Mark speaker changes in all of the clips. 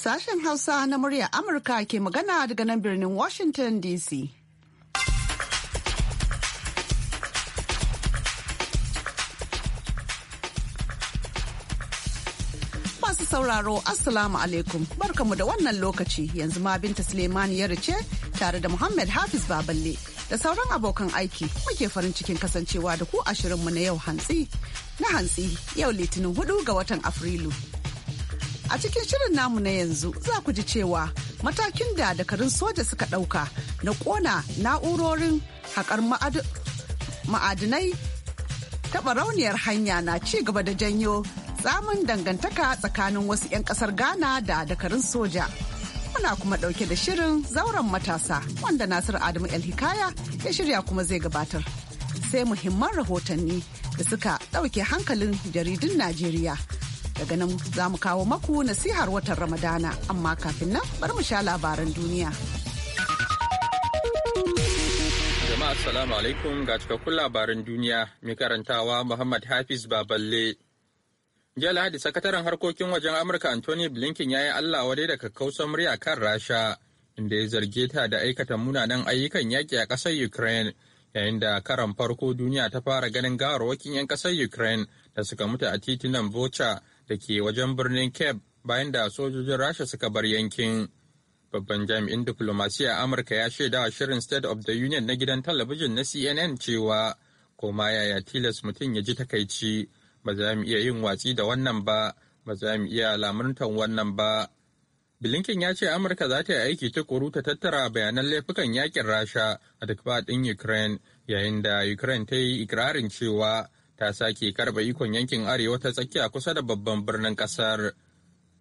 Speaker 1: Sashen Hausa na murya Amurka ke magana daga nan birnin Washington DC. Masu sauraro Assalamu alaikum barkamu da wannan lokaci yanzu ma Binta Suleiman ya rice tare da Muhammad Hafiz Baballe da sauran abokan aiki muke farin cikin kasancewa da ku ashirinmu na yau hantsi na hantsi yau litinin hudu ga watan Afrilu. A cikin shirin namu na yanzu za ku ji cewa matakin da dakarun soja suka ɗauka na ƙona na'urorin haƙar ma'adinai taɓa rauniyar hanya na ci gaba da janyo tsamin dangantaka tsakanin wasu 'yan ƙasar Ghana da dakarun soja. Muna kuma ɗauke da shirin zauren matasa wanda Nasir Adamu El-Hikaya ya shirya kuma zai gabatar. Sai muhimman rahotanni da suka ɗauke hankalin jaridun Najeriya. Daga nan za mu kawo maku nasihar watan Ramadana, amma kafin nan bar mu sha labaran duniya.
Speaker 2: Jama'a Assalamu alaikum ga cikakkun labaran duniya mai karantawa Muhammad Hafiz Baballe. Jiya Lahadi sakataren harkokin wajen Amurka Anthony Blinken ya yi Allah wadai da kakkausan murya kan Rasha inda ya zarge ta da aikata munanan ayyukan yaƙi a ƙasar Ukraine yayin da karan farko duniya ta fara ganin gawarwakin 'yan ƙasar Ukraine da suka mutu a titunan Bocha da ke wajen birnin Cape bayan da sojojin Rasha suka bar yankin. Babban jami'in diplomasiya Amurka ya shaida a shirin State of the Union na gidan talabijin na CNN cewa koma yaya tilas mutum ya ji takaici ba za mu iya yin watsi da wannan ba ba za mu iya lamurtan wannan ba. Blinken ya ce Amurka za ta yi aiki tukuru ta tattara bayanan laifukan yakin Rasha a duk faɗin Ukraine yayin da Ukraine ta yi ikirarin cewa ta sake karba ikon yankin arewa ta tsakiya kusa da babban birnin kasar.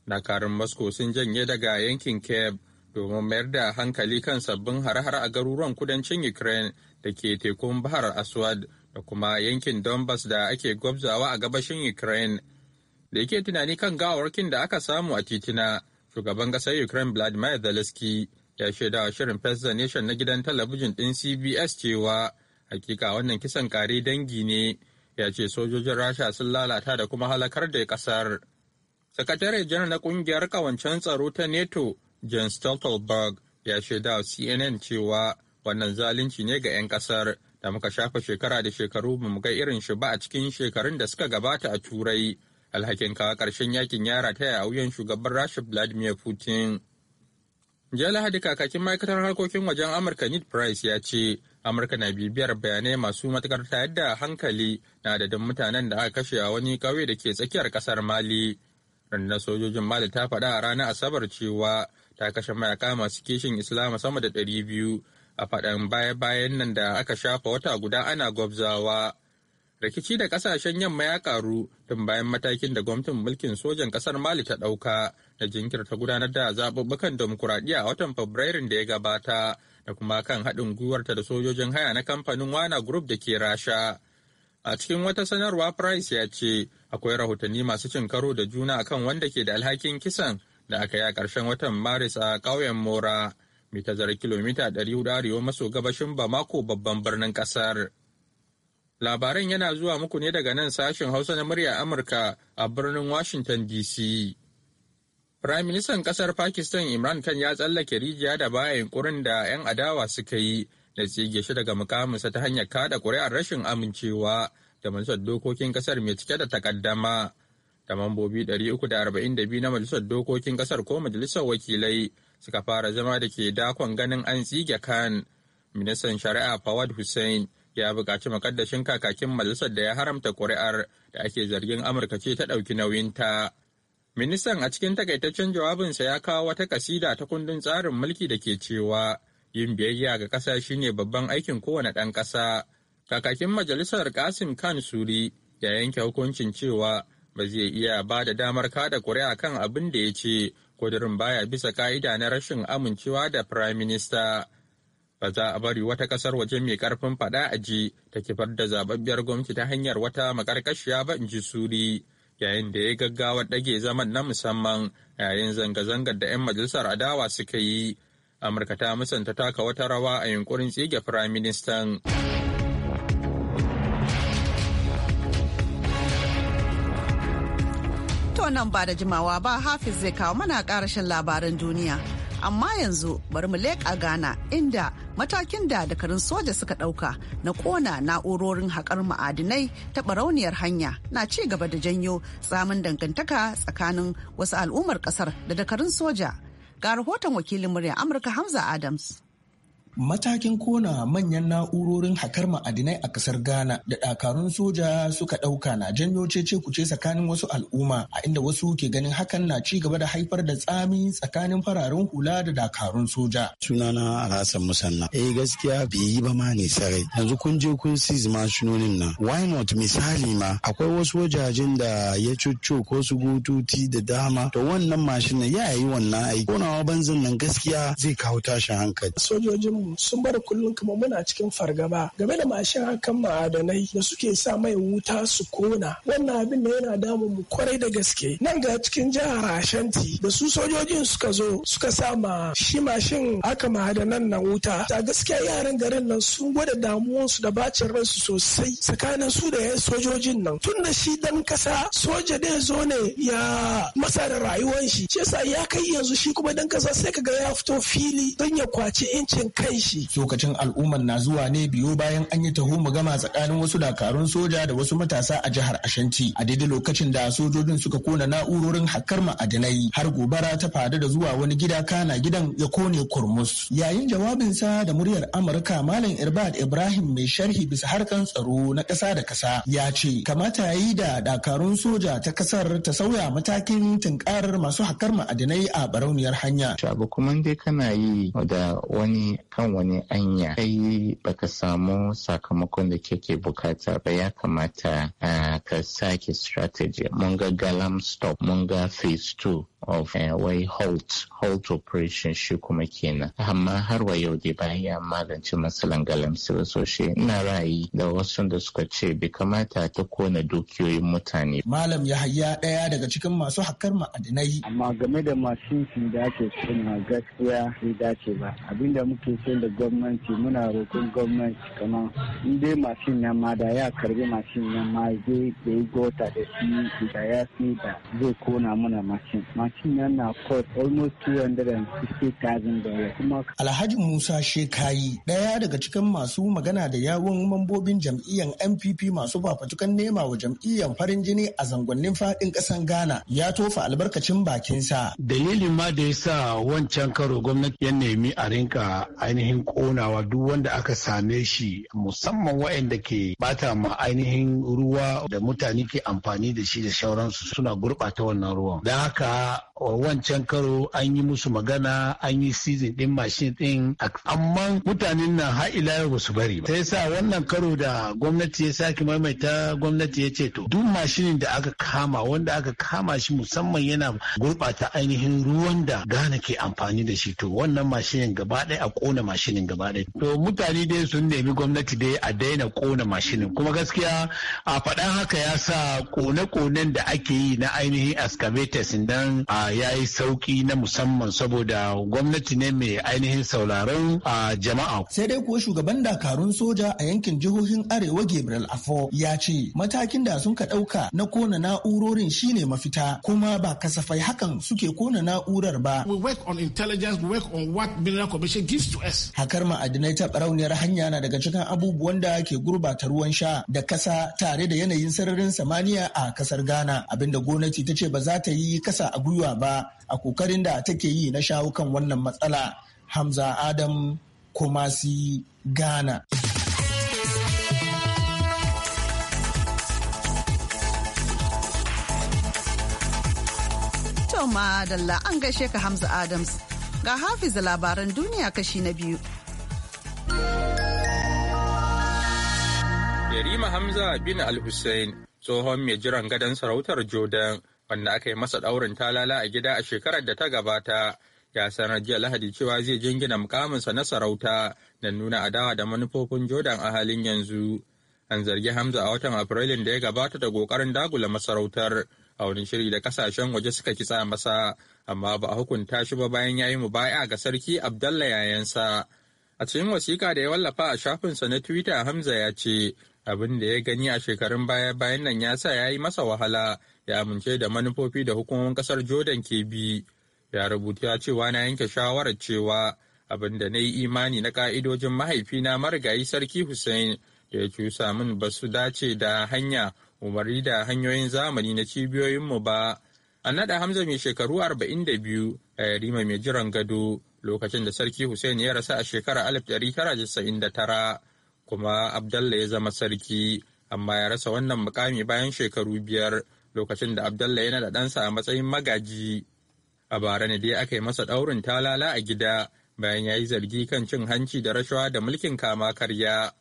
Speaker 2: Dakarun Moscow sun janye daga yankin Kiev domin mayar da hankali kan sabbin har-har a garuruwan kudancin Ukraine da ke tekun Bahar Aswad da kuma yankin Donbass da ake gwabzawa a gabashin Ukraine. Da yake tunani kan gawarkin da aka samu a titina, shugaban ƙasar Ukraine Vladimir Zelensky ya shaida wa shirin First Nation na gidan talabijin din CBS cewa hakika wannan kisan kare dangi ne ya ce sojojin rasha sun lalata da kuma halakar da kasar sakatare janar na kungiyar kawancen tsaro ta neto jan stoltenberg ya shaida cnn cewa wannan zalunci ne ga 'yan kasar da muka shafa shekara da shekaru ba mu ga irin shi ba a cikin shekarun da suka gabata a turai alhakin kawo ƙarshen yakin yara ta wuyan shugaban rasha vladimir putin jiya lahadi kakakin ma'aikatar harkokin wajen amurka nid price ya ce amurka na bibiyar bayanai masu matukar ta da hankali na adadin mutanen da aka kashe a wani ƙauye da ke tsakiyar ƙasar mali rundunar sojojin mali ta faɗa a ranar asabar cewa ta kashe mayaka masu kishin islama sama da ɗari biyu a faɗan baya-bayan nan da aka shafa wata guda ana gwabzawa rikici da kasashen yamma ya karu tun bayan matakin da gwamnatin mulkin sojan kasar mali ta ɗauka da jinkirta gudanar da zaɓuɓɓukan demokuraɗiyya a watan fabrairun da ya gabata da kuma kan haɗin gwiwarta da sojojin haya na kamfanin wana group da ke rasha a cikin wata sanarwa price ya ce akwai rahotanni masu cin karo da juna akan wanda ke da alhakin kisan da aka yi a ƙarshen watan maris a ƙauyen mora mai tazarar kilomita 400 arewa maso gabashin bamako babban birnin ƙasar labaran yana zuwa muku ne daga nan sashen hausa na murya amurka a birnin washington dc Firaministan ƙasar Pakistan Imran Khan ya tsallake rijiya da baya yunkurin da 'yan adawa suka yi da tsige shi daga mukaminsa ta hanyar kada kuri'ar rashin amincewa da majalisar dokokin ƙasar mai cike da takaddama. Da mambobi 342 na majalisar dokokin kasar ko majalisar wakilai suka fara zama da ke dakon ganin an tsige Khan. Ministan Shari'a Fawad Hussein ya buƙaci makaddashin kakakin majalisar da ya haramta kuri'ar da ake zargin Amurka ce ta ɗauki nauyin ta. Ministan a cikin takaitaccen jawabinsa ya kawo wata kasida ta kundin tsarin mulki da ke cewa yin biyayya ga ƙasa shine babban aikin kowane ɗan ƙasa. Kakakin majalisar Kasim Khan Suri ya yanke hukuncin cewa ba zai iya ba da damar kada kuri'a kan abin da ya ce kudurin baya bisa ka'ida na rashin amincewa da Prime Minister. Ba za a bari wata ƙasar waje mai karfin faɗa a ji ta kifar da zababbiyar gwamnati ta hanyar wata makarkashiya ba in ji Suri. yayin da ya gaggawa ɗage zaman na musamman yayin zanga-zangar da 'yan majalisar adawa suka yi amurka ta musanta taka wata rawa a yunkurin tsige firayim ministan
Speaker 1: to nan ba da jimawa ba hafiz zai kawo mana ƙarashin labaran duniya amma yanzu bari mu leƙa ghana inda matakin da dakarun soja suka ɗauka na ƙona na'urorin haƙar ma'adinai ta barauniyar hanya na ci gaba da janyo tsamin dangantaka tsakanin wasu al'ummar ƙasar da dakarun soja ga rahoton wakilin murya amurka hamza adams Matakin kona
Speaker 3: manyan na'urorin hakar ma'adinai a kasar Ghana da dakarun soja suka ɗauka na janyo cece kuce tsakanin wasu al'umma a inda wasu ke ganin hakan na ci gaba da haifar da tsami tsakanin fararen hula da dakarun soja.
Speaker 4: Sunana Alhassan Musanna. Eh gaskiya bai yi ba ma ne sarai. Yanzu kun je kun seize shinonin nan. Why not misali ma akwai wasu wajajen da ya cucu ko su gututi da dama to wannan mashin ya yi
Speaker 3: wannan aiki. Konawa banzan nan gaskiya zai kawo tashin hankali. Sojojin sun bar kullum kamar muna cikin fargaba game da mashin hakan ma'adanai da suke sa mai wuta su kona wannan abin da yana damun mu kwarai da gaske nan ga cikin jihar Ashanti da su sojojin suka zo suka sa ma shi mashin haka ma'adanan na wuta ta gaskiya yaran garin nan sun gwada damuwansu da bacin ransu sosai tsakanin su da yan sojojin nan tun da shi dan kasa soja da zo ne ya masa da rayuwan shi shi ya kai yanzu shi kuma dan kasa sai kaga ya fito fili don ya kwaci incin kai shi Lokacin al'ummar na zuwa ne biyo bayan an yi taho gama tsakanin wasu dakarun soja da wasu matasa a jihar ashanti a daidai lokacin da sojojin suka kona na'urorin hakar ma'adinai har gobara ta fada da zuwa wani gida kana gidan ya kone kurmus yayin jawabinsa da muryar amurka malam irbad ibrahim mai sharhi bisa harkan tsaro na ƙasa da ƙasa ya ce kamata yi da dakarun soja ta ƙasar ta sauya matakin tunkarar masu hakar ma'adinai a
Speaker 5: barauniyar hanya. Shabu kuma dai kana yi da wani kan wani anya kai baka samu sakamakon da kake bukata ba ya kamata ah, ka sake strategy mun ga galam stop mun ga phase 2 of uh, eh, way halt halt operation shi kuma kenan amma har wa yau dai bayan ya magance matsalan galamsi ba soshe ra'ayi da wasu da suka ce bai kamata ta kona dukiyoyin mutane
Speaker 3: malam ya yahaya daya daga cikin masu hakar ma'adinai
Speaker 4: amma game da mashin da ake suna gaskiya sai dace ba abinda muke so da gwamnati muna roƙon gwamnati kamar in dai mashin nan ma da ya karbi mashin nan ma zai yi gota da shi da ya fi da zai kona mana mashin mashin nan na cost almost 250,000 dollars.
Speaker 3: Alhaji Musa Shekayi ɗaya daga cikin masu magana da yawun mambobin jam'iyyar mpp masu fafatukan nema wa jam'iyyar farin jini a zangonnin faɗin ƙasan Ghana ya tofa albarkacin bakinsa.
Speaker 4: Dalilin ma da ya sa wancan karo gwamnati ya nemi a rinka ainihin ƙonawa duk wanda aka same shi musamman waɗanda ke bata ma ainihin ruwa da mutane ke amfani da shi da sauransu suna gurɓata wannan ruwan. Da haka up wancan karo an yi musu magana an yi season din mashin din amma mutanen nan ha ila yau su bari ba sai sa wannan karo da gwamnati ya sake maimaita gwamnati ya ce to duk mashinin da aka kama wanda aka kama shi musamman yana gurbata ainihin ruwan da gane ke amfani da shi to wannan mashinin gaba ɗaya a kona mashinin gaba ɗaya to mutane dai sun nemi gwamnati dai a daina kona mashinin kuma gaskiya a faɗan haka ya sa kone-konen da ake yi na ainihin excavators dan a ya yi sauki na musamman saboda gwamnati ne mai ainihin sauraron a jama'a. Sai dai kuwa shugaban
Speaker 3: dakarun soja a yankin jihohin Arewa Gabriel Afo ya ce matakin da sun ka ɗauka na kona na'urorin shine mafita kuma ba kasafai hakan suke kona na'urar ba.
Speaker 4: We work on intelligence, we work on what Mineral Commission gives to us.
Speaker 3: Hakar ma'adinai ta barauniyar hanya na daga cikin abubuwan da ke gurbata ruwan sha da kasa tare da yanayin sararin samaniya a kasar Ghana abinda gwamnati ta ce ba za ta yi kasa a gwiwa gaba a kokarin da take yi na shawo kan wannan matsala hamza adam kumasi
Speaker 1: ghana ma dalla an gaishe ka hamza adams ga hafiza labaran duniya kashi na biyu
Speaker 2: Yarima Hamza bin Al-Hussein tsohon mai jiran gadon sarautar Jordan wanda aka yi masa ɗaurin talala a gida a shekarar da ta gabata ya sanar jiya lahadi cewa zai jingina mukaminsa na sarauta da nuna adawa da manufofin jordan a halin yanzu an zargi hamza a watan afrilun da ya gabata da kokarin dagula masarautar a wani shiri da kasashen waje suka kitsa masa amma ba a hukunta shi ba bayan ya yi mu baya ga sarki abdallah yayansa a cikin wasiƙa da ya wallafa a shafinsa na twitter hamza ya ce abin da ya gani a shekarun baya bayan nan ya sa ya yi masa wahala ya amince da manufofi da hukumomin kasar jordan ke bi ya rubuta ya cewa na yanke shawarar cewa abin da na yi imani na ka'idojin mahaifina marigayi sarki hussein da ya cusa min ba su dace da hanya umarni da hanyoyin zamani na cibiyoyinmu ba a naɗa hamza mai shekaru arba'in da biyu a yarima mai jiran gado lokacin da sarki hussein ya rasa a shekarar tara. kuma abdullah ya zama sarki amma ya rasa wannan mukami bayan shekaru biyar lokacin da Abdallah yana da ɗansa a matsayin magaji. A bara ne dai aka yi masa ɗaurin talala a gida bayan ya yi zargi kan cin hanci da rashawa da mulkin kama karya.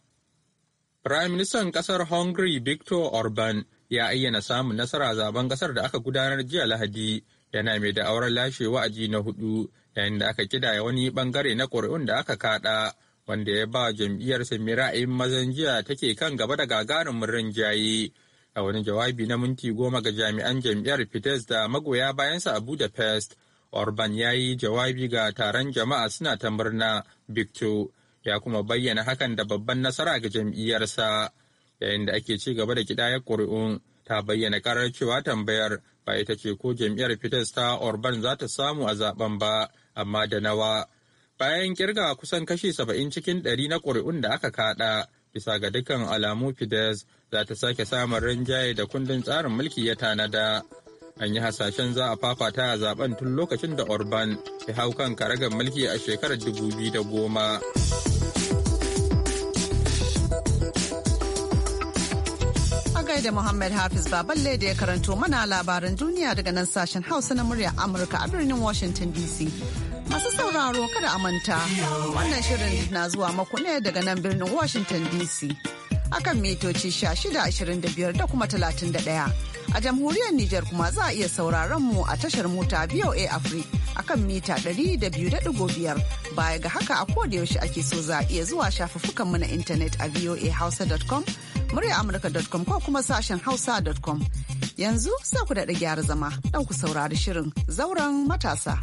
Speaker 2: Firaministan ƙasar Hungary Victor Orban ya ayyana samun nasara zaben ƙasar da aka gudanar jiya Lahadi yana mai da auren lashe wa'adi na hudu yayin da aka kidaya wani bangare na ƙuri'un da aka kaɗa. wanda ya ba jam'iyyarsa mai ra'ayin mazan jiya take kan gaba da gagarumin rinjaye a wani jawabi na minti goma ga jami'an jam'iyyar fides da magoya bayansa a budapest orban ya yi jawabi ga taron jama'a suna ta murna victor ya kuma bayyana hakan da babban nasara ga jam'iyyarsa yayin da ake ci gaba da ya ƙuri'un ta bayyana karar cewa tambayar ba ita ce ko jam'iyyar fides ta orban za ta samu a zaben ba amma da nawa bayan kirga kusan kashi saba'in cikin ɗari na ƙuri'un da aka kaɗa bisa ga dukkan alamu Fidesz za ta sake samun rinjaye da kundin tsarin mulki ya tanada. An yi hasashen za a fafata a zaben tun lokacin da Orban ya hau kan karagar mulki a shekarar 2010.
Speaker 1: da Muhammad Hafiz Baballe da ya karanto mana labaran duniya daga nan sashen Hausa na murya Amurka a birnin Washington DC. Masu sauraro kada a manta wannan shirin na zuwa maku ne daga nan birnin Washington DC akan mitoci 1625 da kuma 31. A jamhuriyar Nijar kuma za a iya sauraron mu a tashar mota VOA Africa akan mita 200.5 baya ga haka a yaushe ake so za a iya zuwa shafuffukanmu na intanet a voahausa.com muryaamurka.com ko kuma sashen hausa.com yanzu sai ku daɗa gyara zama ɗauku saurari shirin zauren matasa.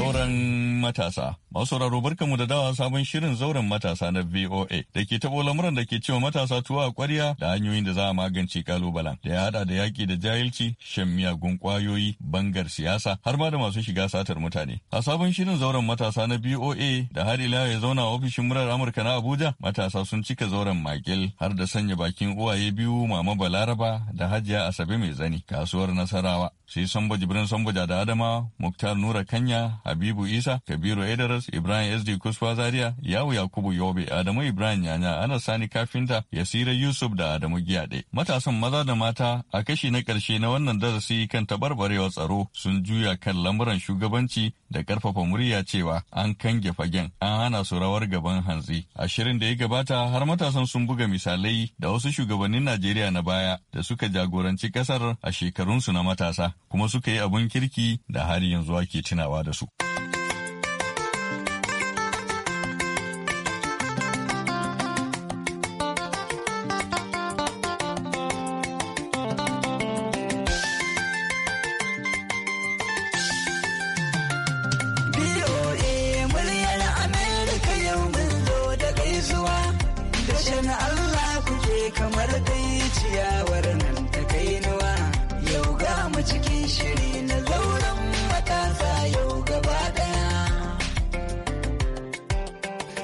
Speaker 6: todo.
Speaker 7: zauren matasa. Masu sauraro mu da dawa sabon shirin zauren matasa na VOA da ke tabo lamuran da ke cewa matasa tuwa a kwarya da hanyoyin da za a magance kalubalen da ya hada da yaki da jahilci, shan miyagun kwayoyi, bangar siyasa har ma da masu shiga satar mutane. A sabon shirin zauren matasa na VOA da har ila ya zauna a ofishin murar Amurka na Abuja, matasa sun cika zauren makil har da sanya bakin uwaye biyu Mama Balaraba da Hajiya Asabe mai zani kasuwar Nasarawa. Sai Sambo Jibrin Sambuja da Adama, Muktar Nura Kanya, Habibu Habibu Isa, Kabiru Edaras, Ibrahim SD Kusfa Zaria, Yawu Yakubu Yobe, Adamu Ibrahim Yanya, ana Sani Kafinta, Yasira Yusuf da Adamu Giyaɗe. Matasan maza da mata a kashi na ƙarshe na wannan darasi kan tabarbarewa tsaro sun juya kan lamuran shugabanci da ƙarfafa murya cewa an kange fagen, an hana su rawar gaban hanzi, A shirin da ya gabata har matasan sun buga misalai da wasu shugabannin Najeriya na baya da suka jagoranci ƙasar a shekarunsu na matasa kuma suka yi abun kirki da har yanzu ake tunawa da su.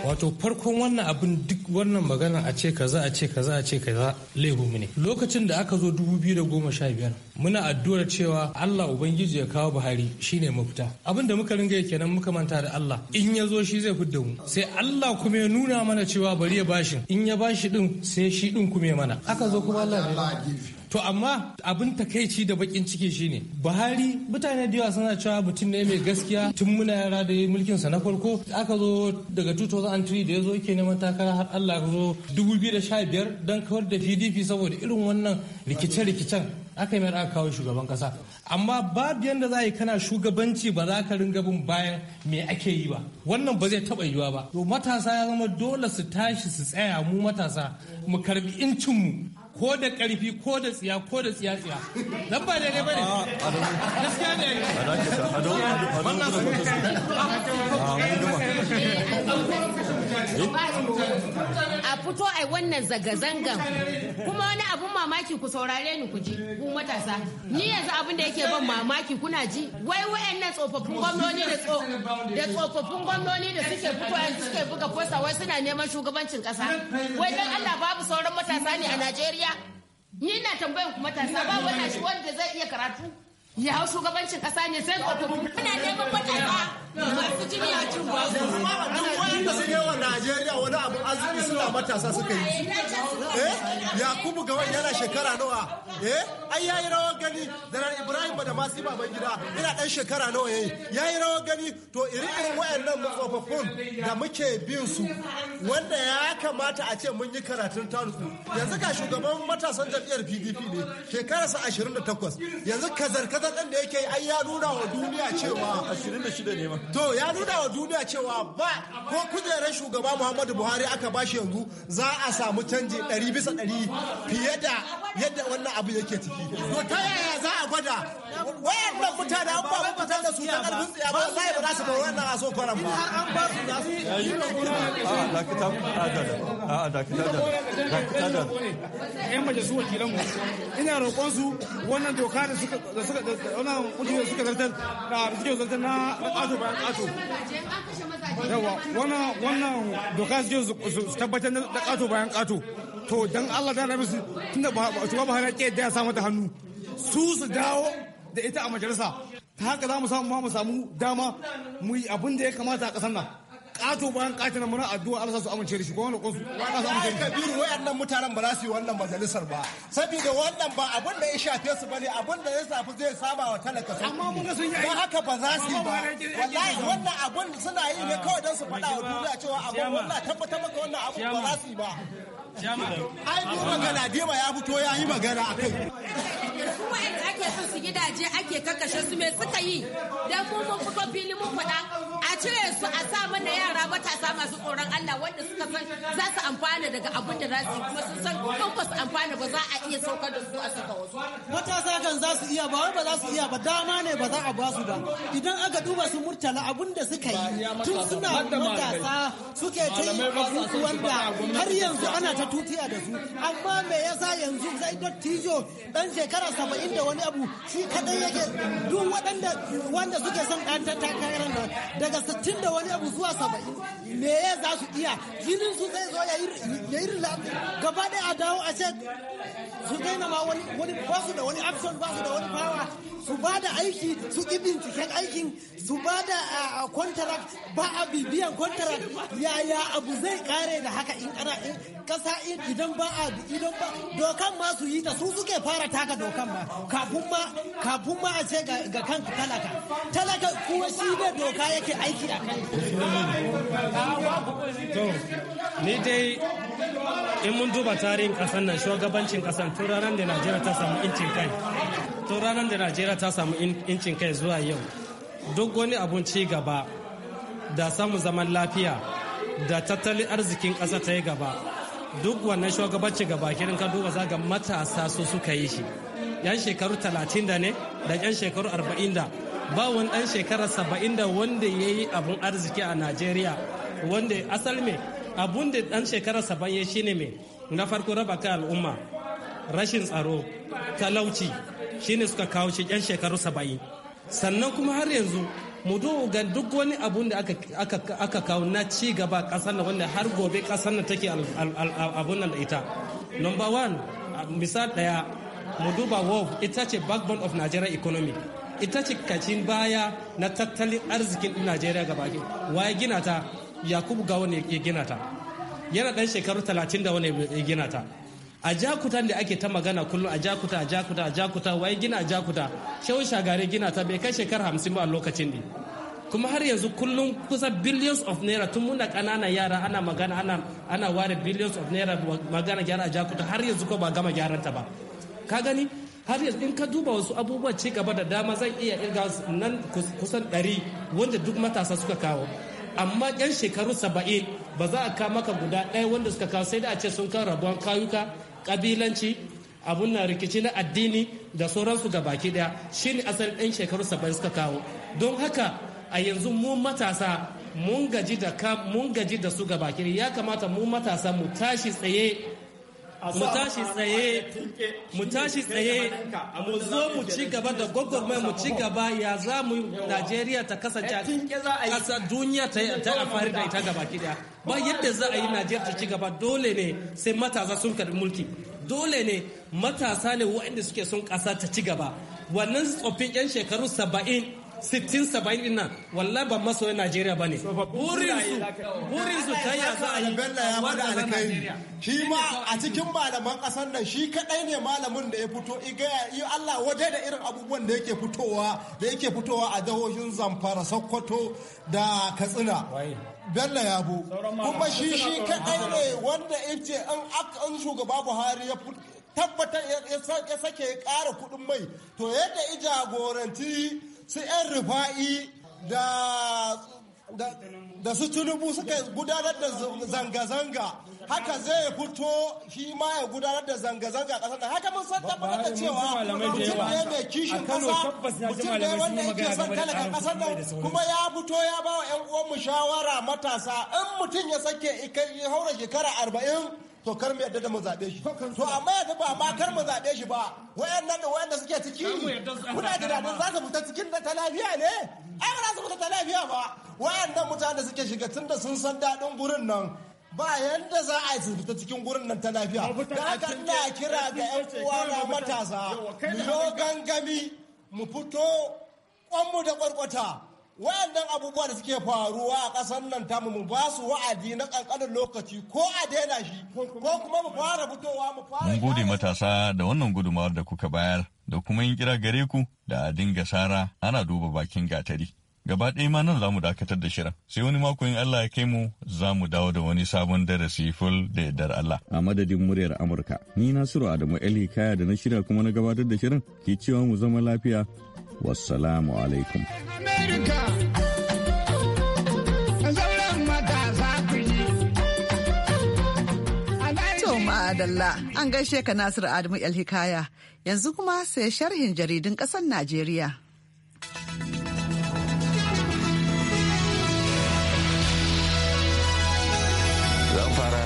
Speaker 8: wato farkon wannan abin duk wannan magana a ce kaza a ce kaza a ce kaza laifinmu ne lokacin da aka zo biyar, muna addu'ar cewa Allah ubangiji ya kawo Buhari shine mafita Abun da muka ringa kenan muka manta da Allah in ya zo shi zai fidda mu sai Allah kuma ya nuna mana cewa bari ya bashi in ya bashi din sai shi din kuma mana aka zo kuma Allah ne to amma abin takaici da bakin ciki shine buhari mutane da yawa suna cewa mutum ne mai gaskiya tun muna yara da mulkin sa na farko aka zo daga 2003 da ya zo yake neman takara har allah ka zo 2015 dan kawar da pdp saboda irin wannan rikice-rikicen aka yi mai aka kawo shugaban kasa amma babu yadda za a yi kana shugabanci ba za ka ringa bin bayan me ake yi ba wannan ba zai taɓa yiwa ba to matasa ya zama dole su tashi su tsaya mu matasa mu karbi incin mu ko da ƙarfi ko da tsiya ko da tsiya tsiya ba daidai
Speaker 7: ne gaskiya
Speaker 8: ne a
Speaker 1: fito a wannan zanga-zangan kuma wani abun mamaki ku saurare ni ku ji ku matasa ni yanzu abin da yake ban mamaki kuna ji wai nan tsofaffin gwamnoni da da tsofaffin gwamnoni da suke fito a suke buga posta wai suna neman shugabancin kasa wai dan Allah babu sauran matasa ne a Najeriya ni na tambayan ku matasa ba wani wanda zai iya karatu ya hau shugabancin kasa ne sai tsofaffin kuna neman matasa
Speaker 6: masu Najeriya wani abu arziki suna matasa suka yi
Speaker 8: eh Yakubu ga wani yana shekara
Speaker 6: nawa eh ai yayi rawar gani zarar Ibrahim da masu baban gida ina dan shekara nawa yayi yayi rawa gani to iri irin wayannan tsofaffin da muke bin su wanda ya kamata a ce mun yi karatun tarihi yanzu ga shugaban matasan jam'iyyar PDP ne shekararsa 28 yanzu kazar kazar din da yake ai ya nuna wa duniya cewa 26 ne ma to ya nuna wa duniya cewa ba ko kujerar shugaba muhammadu buhari aka bashi yanzu za a samu canji ɗari bisa ɗari fiye da yadda wannan abu yake
Speaker 7: ciki to ta yaya
Speaker 6: za a gwada wayannan mutane an ba mutan da su ta karfin tsaye ba sai ba za su bar wannan aso kwaran ba an ba
Speaker 8: su za
Speaker 7: su yi a da da da da
Speaker 8: wakilan mu ina roƙon su wannan doka da suka da suka wannan kujerar suka zartar da suke zartar na
Speaker 1: ƙato kato yawa wannan wannan
Speaker 6: doka su je su tabbatar da kato bayan kato to dan Allah ta rabi su tunda ba su ba ke da ya samu ta hannu su su dawo da ita a majalisa ta haka za mu samu ma mu samu dama mu yi abin da ya kamata a kasar nan kato bayan kato na muna addu'a Allah su amince da shi ko wani su. wanda su amince kabiru wayannan mutanen ba za su yi wannan majalisar ba saboda wannan ba abin da ya shafe su bane abin da ya safi zai saba wa talaka su amma mun ga sun yi haka ba za su yi ba wallahi wannan abin suna yi ne kawai don su faɗa wa duniya cewa abu wannan tabbatar maka wannan abu ba za su yi ba ai magana dima ya fito ya yi magana akai
Speaker 1: ake bin su gidaje ake kakashe su me suka yi dan mu mun fito fili mun faɗa a cire su a sa mana yara matasa masu tsoron Allah wanda suka san za su amfana daga abin da za su kuma sun san kan ba su amfana ba za a iya saukar da su a saka wasu
Speaker 6: matasa kan za su iya ba wai ba za su iya ba dama ne ba za a ba su ba idan aka duba su murtala abin da suka yi tun suna matasa suke ta yi wanda har yanzu ana ta tutiya da su amma me yasa yanzu sai dattijo dan shekara saba'in da wani abu shi kadai yake duk waɗanda wanda suke son ɗan takarar nan daga sittin da wani abu zuwa saba'in me ya za su iya jinin su zai zo ya yi gaba ɗaya a dawo a ce su daina ma wani
Speaker 3: ba su da wani action ba su da wani power
Speaker 6: su ba da aiki su ki binciken aikin su ba da contract ba a bibiyan contract yaya abu zai kare da haka in ana in kasa idan ba a idan ba dokan ma su yi ta su suke fara taka dokan ma kafin kafin ma a ce ga kanka talaka talaka kuma shi ne
Speaker 8: doka yake aiki a kan dai
Speaker 9: in mun duba tarihin kasan nan shugabancin kasan tun ranar da najeriya ta samu incin kai tun ranar da najeriya ta samu incin kai zuwa yau duk wani abun ci gaba da samun zaman lafiya da tattalin arzikin ƙasa ta yi gaba duk wannan shugabanci ga bakin ka duba zaga matasa su suka yi shi yan shekaru talatin da ne da yan shekaru arba'in da ba wani dan shekara saba'in da wanda ya yi abun arziki a najeriya wanda asal me abun da dan shekara saba'in ya shine me na farko raba kai al'umma rashin tsaro talauci shine suka kawo shi yan shekaru saba'in sannan kuma har yanzu mu ga duk wani abun da aka kawo na ci gaba kasar nan wanda har gobe kasar nan take abun nan da ita number one misal daya mu duba wolf ita ce backbone of nigeria economy ita ce kacin baya na tattalin arzikin nigeria gabaki waye gina ta yakubu gawon ya gina ta yana dan shekaru talatin da wani ya gina ta a jakutan da ake ta magana kullum a jakuta a jakuta a jakuta wai gina a jakuta shehu shagari gina ta bai kai shekar hamsin ba a lokacin ne kuma har yanzu kullum kusa billions of naira tun muna ƙananan yara ana magana ana ana ware billions of naira magana gyara a jakuta har yanzu ko ba gama gyaran ta ba ka gani har yanzu in ka duba wasu abubuwa ci gaba da dama zan iya irga nan kusan ɗari wanda duk matasa suka kawo amma yan shekaru saba'in ba za a kawo maka guda ɗaya wanda suka kawo sai da a ce sun kawo rabuwan kayuka kabilanci abun na rikici na addini da sauransu ga baki daya shine asalin ɗan shekaru saba'in suka kawo don haka a yanzu mu matasa mun gaji da mun gaji da su ga baki ya kamata mu matasa mu tashi tsaye mu tashi tsaye mu mu zo mu ci gaba da gwagwarmai mu ci gaba ya za mu Najeriya ta kasance kasa duniya ta alfahari da ita gaba kida ba yadda za a yi Najeriya ta ci gaba dole ne sai matasa sun karbi mulki dole ne matasa ne waɗanda suke son ƙasa ta ci gaba wannan tsoffin 'yan shekaru saba'in sittin saba'in din nan wallahi ban masoyi Najeriya ba ne. wurin
Speaker 7: burin su ta yi za a yi Bello ya fada
Speaker 9: alkai
Speaker 6: shi ma a cikin malaman kasar nan shi kadai ne malamin da ya fito igaya yi Allah waje da irin abubuwan da yake fitowa da yake fitowa a jihohin Zamfara Sokoto da Katsina Bello ya bu kuma shi shi kadai ne wanda ce an shugaba Buhari ya tabbatar ya sake ya kara kuɗin mai to yadda ya jagoranci su 'yan rufa'i da su tunubu suka gudanar da zanga-zanga haka zai fito shi ma ya gudanar da zanga-zanga a ƙasar haka mun san tabbatar da cewa mutum ne mai kishin ƙasa mutum ne wanda yake son talaka ƙasar nan kuma ya fito ya ba wa 'yan uwanmu shawara matasa in mutum ya sake haura shekara arba'in to kar mu yadda da mu zaɓe shi to amma yanzu ba ma kar mu zaɓe shi ba wayannan da wayanda suke ciki kuna da dadin za su fita cikin da ta lafiya ne ai ba za su fita ta lafiya ba wayannan da suke shiga tun da sun san daɗin gurin nan ba yadda za a yi fita cikin gurin nan ta lafiya da aka ina kira ga 'yan uwana matasa mu yo gangami mu fito kwanmu da kwarkwata wa'annan abubuwa da suke faruwa a ƙasar nan tamu mu ba su wa'adi na ƙanƙanin lokaci ko a daina shi ko kuma mu fara fitowa mu fara mun gode
Speaker 7: matasa da wannan gudumawar da kuka bayar da kuma yin kira gare ku da a dinga sara ana duba bakin gatari gaba ɗaya ma nan zamu dakatar da shirin sai wani mako in Allah ya kai mu zamu dawo da wani sabon darasi full da yardar Allah a madadin muryar Amurka ni Nasiru Adamu Eli kaya da na shirya kuma na gabatar da shirin ke cewa mu zama lafiya wassalamu alaikum
Speaker 1: Adalla an gaishe ka Nasiru Adamu El Hikaya yanzu kuma sai sharhin jaridun ƙasar Najeriya.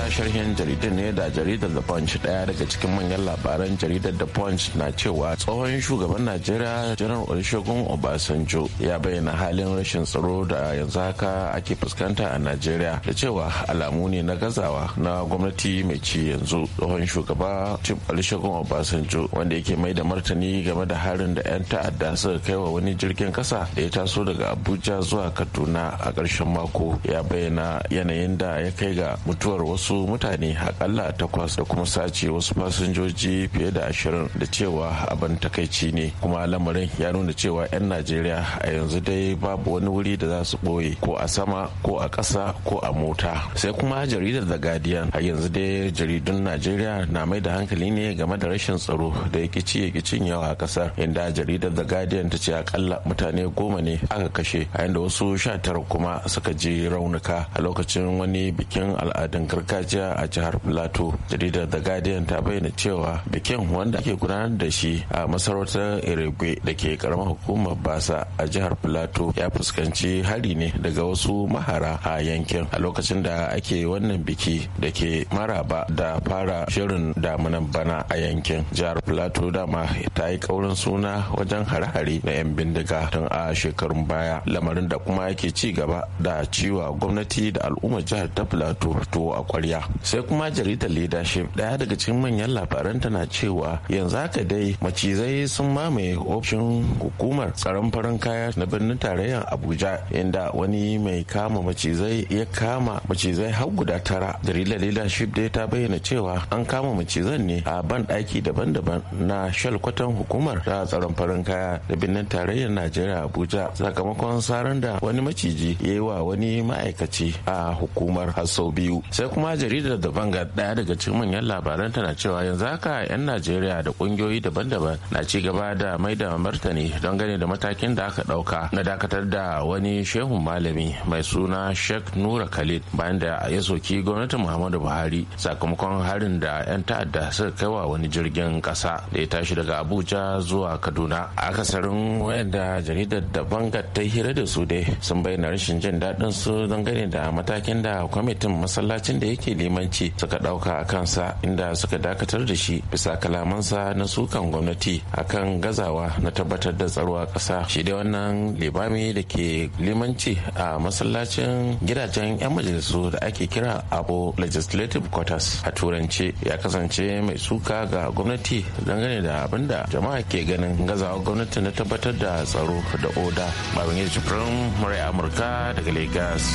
Speaker 5: sharhin jaridar ne da jaridar The Punch daya daga cikin manyan labaran jaridar The Punch na cewa tsohon shugaban Najeriya Janar Olusegun Obasanjo ya bayyana halin rashin tsaro da yanzu haka ake fuskanta a Najeriya da cewa alamu ne na gazawa na gwamnati mai ci yanzu tsohon shugaba Tim Olusegun Obasanjo wanda yake mai da martani game da harin da 'yan ta'adda suka kai wa wani jirgin kasa da ya taso daga Abuja zuwa Kaduna a karshen mako ya bayyana yanayin da ya kai ga mutuwar wasu wasu mutane akalla takwas da kuma sace wasu fasinjoji fiye da ashirin da cewa abin takaici ne kuma lamarin ya nuna cewa 'yan najeriya a yanzu dai babu wani wuri da za su ɓoye ko a sama ko a ƙasa ko a mota sai kuma jaridar the guardian a yanzu dai jaridun najeriya na mai da hankali ne game da rashin tsaro da ya ƙici ya yawa a ƙasar inda jaridar the guardian ta ce akalla mutane goma ne aka kashe a yanda wasu sha tara kuma suka je raunuka a lokacin wani bikin al'adun gargajiya gargajiya a jihar plateau jaridar the guardian ta bayyana cewa bikin wanda ake gudanar da shi a masarautar iregwe da ke karamar hukumar basa a jihar plateau ya fuskanci hari ne daga wasu mahara a yankin a lokacin da ake wannan biki da ke maraba da fara shirin damunan bana a yankin jihar plateau dama ta yi kaurin suna wajen hare-hare na 'yan bindiga tun a shekarun baya lamarin da kuma yake ci gaba da ciwa gwamnati da al'ummar jihar ta plateau to a kwarya karya sai kuma jaridar leadership daya daga cikin manyan labaran tana cewa yanzu haka dai macizai sun mamaye ofishin hukumar tsaron farin kaya na birnin tarayyar abuja inda wani mai kama macizai ya kama macizai har guda tara jaridar leadership dai ta bayyana cewa an kama macizan ne a ban daki daban-daban na shalkwatan hukumar ta tsaron farin kaya da birnin tarayyar najeriya abuja sakamakon saran da wani maciji ya yi wa wani ma'aikaci a hukumar har biyu sai kuma jaridar da banga daya daga cikin manyan labaran tana cewa yanzu haka 'yan najeriya da kungiyoyi daban-daban na ci gaba da mai da martani don gane da matakin da aka dauka na dakatar da wani shehun malami mai suna sheikh nura khalid bayan da ya soki gwamnatin muhammadu buhari sakamakon harin da 'yan ta'adda suka kai wa wani jirgin kasa da ya tashi daga abuja zuwa kaduna akasarin wayanda jaridar da banga ta hira da su dai sun bayyana rashin jin daɗin su don dangane da matakin da kwamitin masallacin da yake yake limanci suka ɗauka a kansa inda suka dakatar da shi bisa kalamansa na sukan gwamnati akan gazawa na tabbatar da tsaro a kasa shi da wannan limami da ke limanci a masallacin gidajen 'yan majalisu da ake kira abu legislative quarters a turance ya kasance mai suka ga gwamnati dangane da abin da jama'a ke ganin gazawa gwamnati na tabbatar da tsaro da oda babin yajibirin amurka daga lagos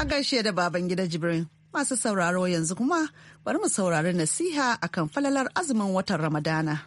Speaker 1: A gaishe da baban gida Jibrin. Masu sauraro yanzu kuma bari mu saurari nasiha akan falalar azumin watan Ramadana.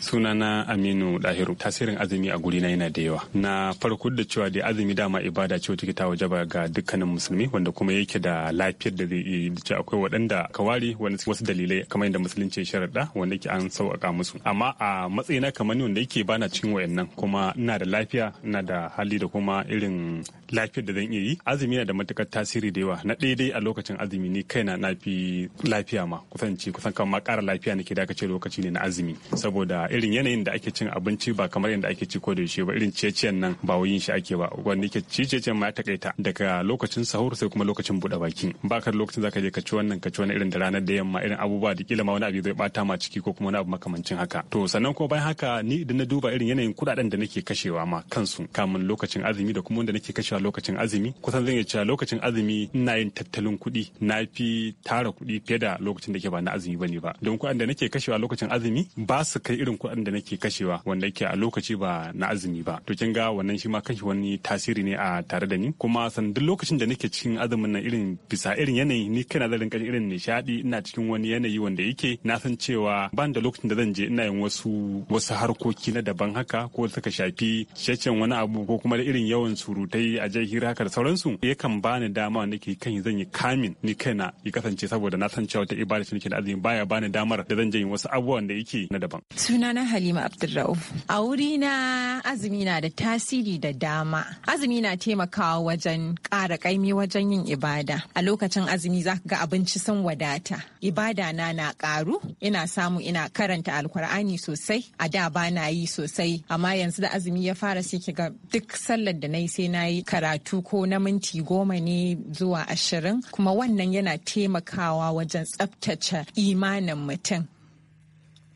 Speaker 10: sunana aminu dahiru tasirin azumi a guri na yana da yawa na farko da cewa da azumi dama ibada ce wata kita wajaba ga dukkanin musulmi wanda kuma yake da lafiyar da zai iya ce akwai waɗanda kawari wani wasu dalilai kamar yadda musulunci ya sharaɗa wanda yake an sauƙaƙa musu amma a matsayina kamar ni wanda yake bana cikin wayannan kuma ina da lafiya ina da hali da kuma irin lafiyar da zan iya yi azumi yana da matukar tasiri da yawa na daidai a lokacin azumi ni kai na fi lafiya ma kusan ci kusan kan ma ƙara lafiya nake da ce lokaci ne na azumi saboda irin yanayin da ake cin abinci ba kamar yadda ake ci ko da yaushe ba irin ciye nan ba wayin shi ake ba wanda yake ciye-ciyen ma ya takaita daga lokacin sahur sai kuma lokacin buɗe baki ba ka lokacin zaka je ka ci wannan ka ci wannan irin da ranar da yamma irin abubuwa da kila ma wani abu zai bata ma ciki ko kuma wani abu makamancin haka to sannan kuma bayan haka ni idan na duba irin yanayin kuɗaɗen da nake kashewa ma kansu kamun lokacin azumi da kuma wanda nake kashewa lokacin azumi kusan zan iya cewa lokacin azumi ina yin tattalin kuɗi na fi tara kuɗi fiye da lokacin da ke ba na azumi bane ba don kuɗin da nake kashewa lokacin azumi ba su kai irin kuɗin da nake kashewa wanda ke a lokaci ba na azumi ba to kin ga wannan shi ma kashe wani tasiri ne a tare da ni kuma san duk lokacin da nake cikin azumin nan irin bisa irin yanayi ni kana da rinka irin nishadi ina cikin wani yanayi wanda yake na san cewa ban da lokacin da zan je ina yin wasu wasu harkoki na daban haka ko suka shafi shaccen wani abu ko kuma da irin yawan surutai a je hira haka da sauransu yakan bani dama wanda ke kan zan yi kamin ni kaina ya kasance saboda na san cewa ta ibada ce nake da azumi baya bani damar da zan je wasu abubuwan da yake na daban. Sunana Halima
Speaker 1: abdurrauf A wuri na azumi na da tasiri da dama. Azumi na taimakawa wajen ƙara ƙaimi wajen yin ibada. A lokacin azumi za ka ga abinci sun wadata. Ibada na na ƙaru, ina samu ina karanta alkur'ani sosai. A da bana yi sosai, amma yanzu da azumi ya fara sai ga duk sallar da na yi sai na yi karatu ko na minti goma ne zuwa ashirin kuma wannan yana taimakawa wajen tsabtace imanin mutum.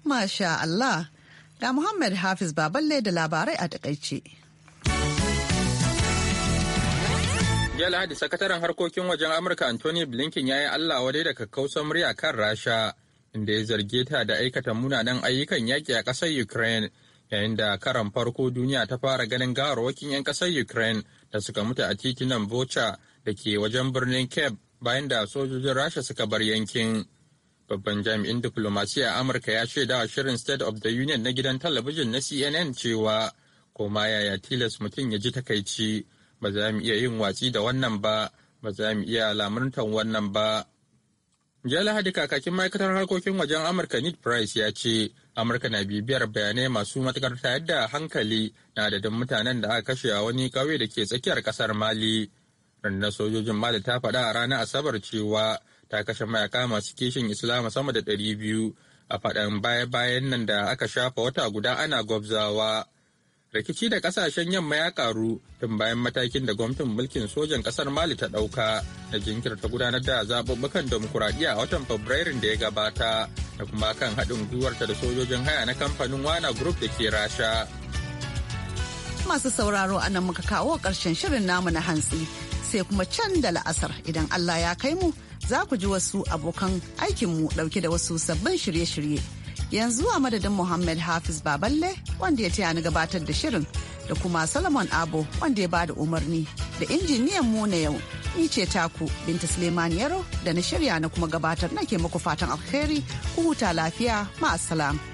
Speaker 1: Masha Allah, da Muhammad Hafiz Baballe da labarai a takaice.
Speaker 2: ya Lahadi, sakataren harkokin wajen Amurka Anthony Blinken ya yi Allah wadai da kakkausar murya kan Rasha, inda ya zarge ta da aikata munanan ayyukan yaƙi a ƙasar Ukraine, yayin da karan farko duniya ta fara ganin gawarwakin 'yan ƙasar Ukraine da suka mutu a titunan Bocha da ke wajen birnin Cape bayan da sojojin Rasha suka bar yankin. Babban jami'in diplomasiya Amurka ya shaida a shirin State of the Union na gidan talabijin na CNN cewa koma yaya tilas mutum ya ji takaici ba za mu iya yin watsi da wannan ba ba za mu iya lamurtan wannan ba. Jiya Lahadi kakakin ma'aikatar harkokin wajen Amurka Ned Price ya ce amurka na bibiyar bayanai masu matukar tayar da hankali na adadin mutanen da aka kashe a wani ƙauye da ke tsakiyar ƙasar mali rundunar sojojin mali ta faɗa a ranar asabar cewa ta kashe mayaka masu kishin islama sama da ɗari biyu a faɗan baya-bayan nan da aka shafa wata guda ana gwabzawa rikici da kasashen yamma ya karu tun bayan matakin da gwamnatin mulkin sojan kasar mali ta dauka da jinkirta gudanar da zaɓuɓɓukan demokuraɗiyya a watan fabrairun da ya gabata da kuma kan haɗin gwiwarta da sojojin haya na kamfanin wana group da ke rasha
Speaker 1: masu sauraro a nan muka kawo ƙarshen shirin namu na hantsi sai kuma can da la'asar idan allah ya kai mu za ku ji wasu abokan aikinmu ɗauke da wasu sabbin shirye-shirye yanzu a madadin Muhammad Hafiz Baballe wanda ya taya ni gabatar da shirin da kuma Solomon Abo wanda ya bada umarni da injiniyan mu na yau. Ni ce taku Binta Suleiman Yaro da na shirya na kuma gabatar nake muku fatan alheri ku huta lafiya ma'asalam.